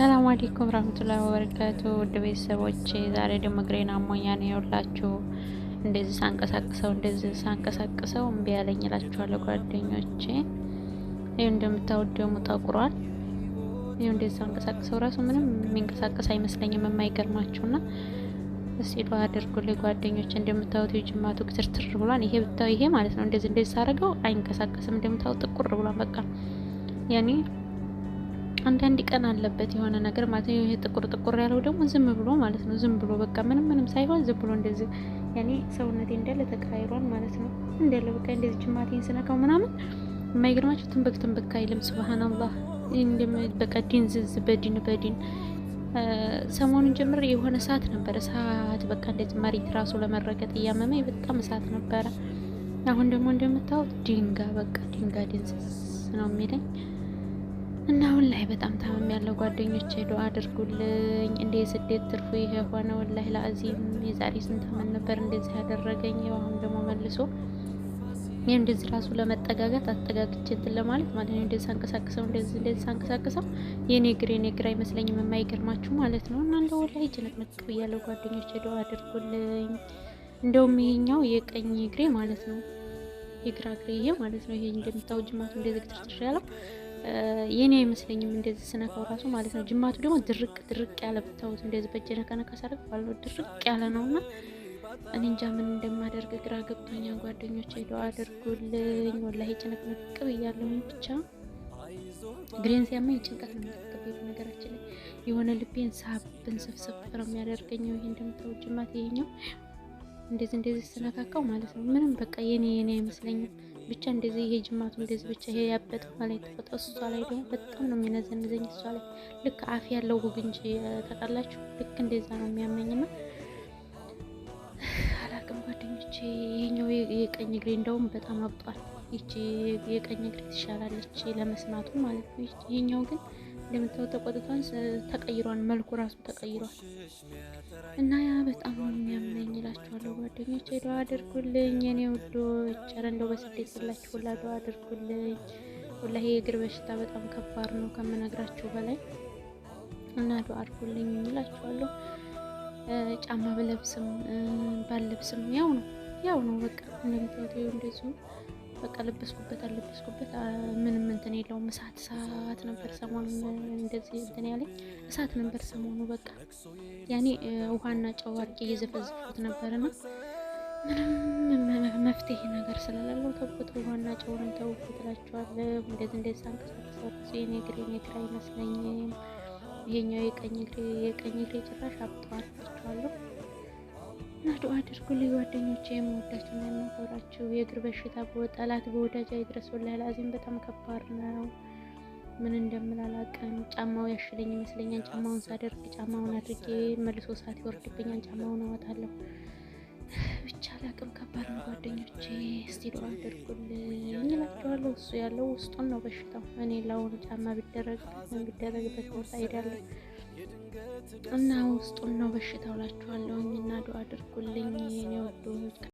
ሰላም አለይኩም ረህመቱላሂ ወበረካቱ ውድ ቤተሰቦቼ፣ ዛሬ ደግሞ እግሬን ነው ይኸውላችሁ እንደዚህ ሳንቀሳቅሰው እንደዚህ ሳንቀሳቅሰው እምቢ ያለኝ እላችኋለሁ ጓደኞቼ። ይኸው እንደምታዩት ደግሞ ጠቁሯል። ይኸው እንደዚህ ሳንቀሳቅሰው ራሱ ምንም የሚንቀሳቀስ አይመስለኝም። የማይገርማችሁና እስቲ ዱአ አድርጉልኝ ጅማቱ እንደምታዩት የጅማቱ ግትርትር ብሏል። ይሄ ብታዩ ይሄ ማለት ነው እንደዚህ እንደዚህ ሳረገው አይንቀሳቀስም። እንደምታዩት ጥቁር ብሏል። በቃ ያኔ አንዳንድ ቀን አለበት የሆነ ነገር ማለት ነው። ይሄ ጥቁር ጥቁር ያለው ደግሞ ዝም ብሎ ማለት ነው። ዝም ብሎ በቃ ምንም ምንም ሳይሆን ዝም ብሎ እንደዚህ ያኔ ሰውነቴ እንዳለ ተቀያይሯል ማለት ነው። እንዳለ በቃ እንደዚህ ጅማቴን ስነካው ምናምን የማይገርማቸው ትንበክ ትንበክ አይልም። ሱብሃንአላህ በቃ ዲን ዝዝ በዲን በዲን ሰሞኑን ጀምር የሆነ እሳት ነበረ እሳት በቃ እንደዚህ መሬት ራሱ ለመረገጥ እያመመኝ በጣም እሳት ነበረ። አሁን ደግሞ እንደምታዩት ድንጋ በቃ ድንጋ ድንዝዝ ነው የሚለኝ እና አሁን ላይ በጣም ታመም ያለው ጓደኞች ሄዶ አድርጉልኝ እንደ የስደት ትርፉ ይሄ ሆነ። ወላሂ ለአዚም የዛሬ ስንት አመት ነበር እንደዚህ ያደረገኝ። አሁን ደግሞ መልሶ ይህ እንደዚህ ራሱ ለመጠጋጋት አጠጋግቼ እንትን ለማለት ማለት ነው። እንደዚህ ሳንቀሳቅሰው እንደዚህ እንደዚህ ሳንቀሳቅሰው የኔ እግር የኔ እግር አይመስለኝም። የማይገርማችሁ ማለት ነው። እና እንደ ወላሂ ጭንቅንቅ ብያለሁ ጓደኞች ሄዶ አድርጉልኝ። እንደውም ይሄኛው የቀኝ እግሬ ማለት ነው የግራ እግሬ ይሄ ማለት ነው። ይሄ እንደምታው ጅማቱ እንደዚህ ትርትር ያለው የኔ አይመስለኝም እንደዚህ ስነካው ራሱ ማለት ነው። ጅማቱ ደግሞ ድርቅ ድርቅ ያለ ብታወት እንደዚህ በእጄ ነካ ነካ ሳደርግ ባለው ድርቅ ያለ ነው እና እኔ እንጃ ምን እንደማደርግ ግራ ገብቶኛ። ጓደኞች ሄደው አድርጉልኝ። ወላሂ ጭንቅንቅ ብያለሁ። ብቻ ግሬን ሲያመኝ ጭንቀት ነው የሚያስገባኝ። ነገራችን ላይ የሆነ ልቤን ሳብን ሰብሰብ ነው የሚያደርገኝ። ይሄ እንደምታው ጅማት ይሄኛው እንደዚህ እንደዚህ ስነካካው ማለት ነው ምንም በቃ የኔ የኔ አይመስለኝም። ብቻ እንደዚህ ይሄ ጅማቱ እንደዚህ ብቻ ይሄ ያበጥ ማለት የተፈጠው እሷ ላይ ደግሞ በጣም ነው የሚነዘንዘኝ። እሷ ላይ ልክ አፍ ያለው ጉግ እንጂ ተቃላችሁ፣ ልክ እንደዛ ነው የሚያመኝና አላቅም ጓደኞች። ይሄኛው የቀኝ እግሬ እንደውም በጣም አብጧል። ይቺ የቀኝ እግሬ ትሻላለች ለመስማቱ ማለት ነው። ይሄኛው ግን እንደምታዩት ተቆጥቷን ተቀይሯል፣ መልኩ ራሱ ተቀይሯል። እና ያ በጣም የሚያምነኝ ይላችኋለሁ ጓደኞች፣ ዱዓ አድርጉልኝ የኔ ውዶ ኧረ እንደው በስደት ሁላችሁ ሁላ ዱዓ አድርጉልኝ። ሁላ ይሄ እግር በሽታ በጣም ከባድ ነው ከምነግራችሁ በላይ እና ዱዓ አድርጉልኝ ይላችኋለሁ። ጫማ ብለብስም ባለብስም ያው ነው ያው ነው በቃ እንደምታዩት እንደዚሁ በቃ ለበስኩበት አለበስኩበት ምንም እንትን የለውም። እሳት እሳት ነበር ሰሞኑ እንደዚህ እንትን ያለኝ እሳት ነበር ሰሞኑ በቃ ያኔ ውሃና ጨው አድርጌ እየዘፈዘፍኩት ነበርና ምንም መፍትሄ ነገር ስለሌለው ተውኩት። ውሃና ጨውንም ተውኩት እላችኋለሁ። እንደዚህ እንደዚህ አንቀሳቀሳት የኔ እግሬ የኔ እግር አይመስለኝም። ይሄኛው የቀኝ እግሬ የቀኝ እግሬ ጭራሽ አብጠዋል። እና ዱአ አድርጉልኝ ጓደኞቼ፣ የምወዳችሁ እና የምንኮራችሁ። የእግር በሽታ ጠላት በወዳጅ አይድረሱልህ። ወላሂ ላዚም በጣም ከባድ ነው። ምን እንደምን አላውቅም። ጫማው ያሽለኝ ይመስለኛል። ጫማውን ሳደርግ ጫማውን አድርጌ መልሶ ሰዓት ይወርድብኛል። ጫማውን አወጣለሁ። ብቻ አላውቅም፣ ከባድ ነው ጓደኞቼ። እስቲ ዱአ አድርጉልኝ እላችኋለሁ። እሱ ያለው ውስጡን ነው በሽታው። እኔ ላውን ጫማ ቢደረግ ቢደረግበት ቦታ ሄዳለሁ እና ውስጡን ነው በሽታው ላችኋለሁኝ እና ዱአ አድርጉልኝ። ይህን የወዱ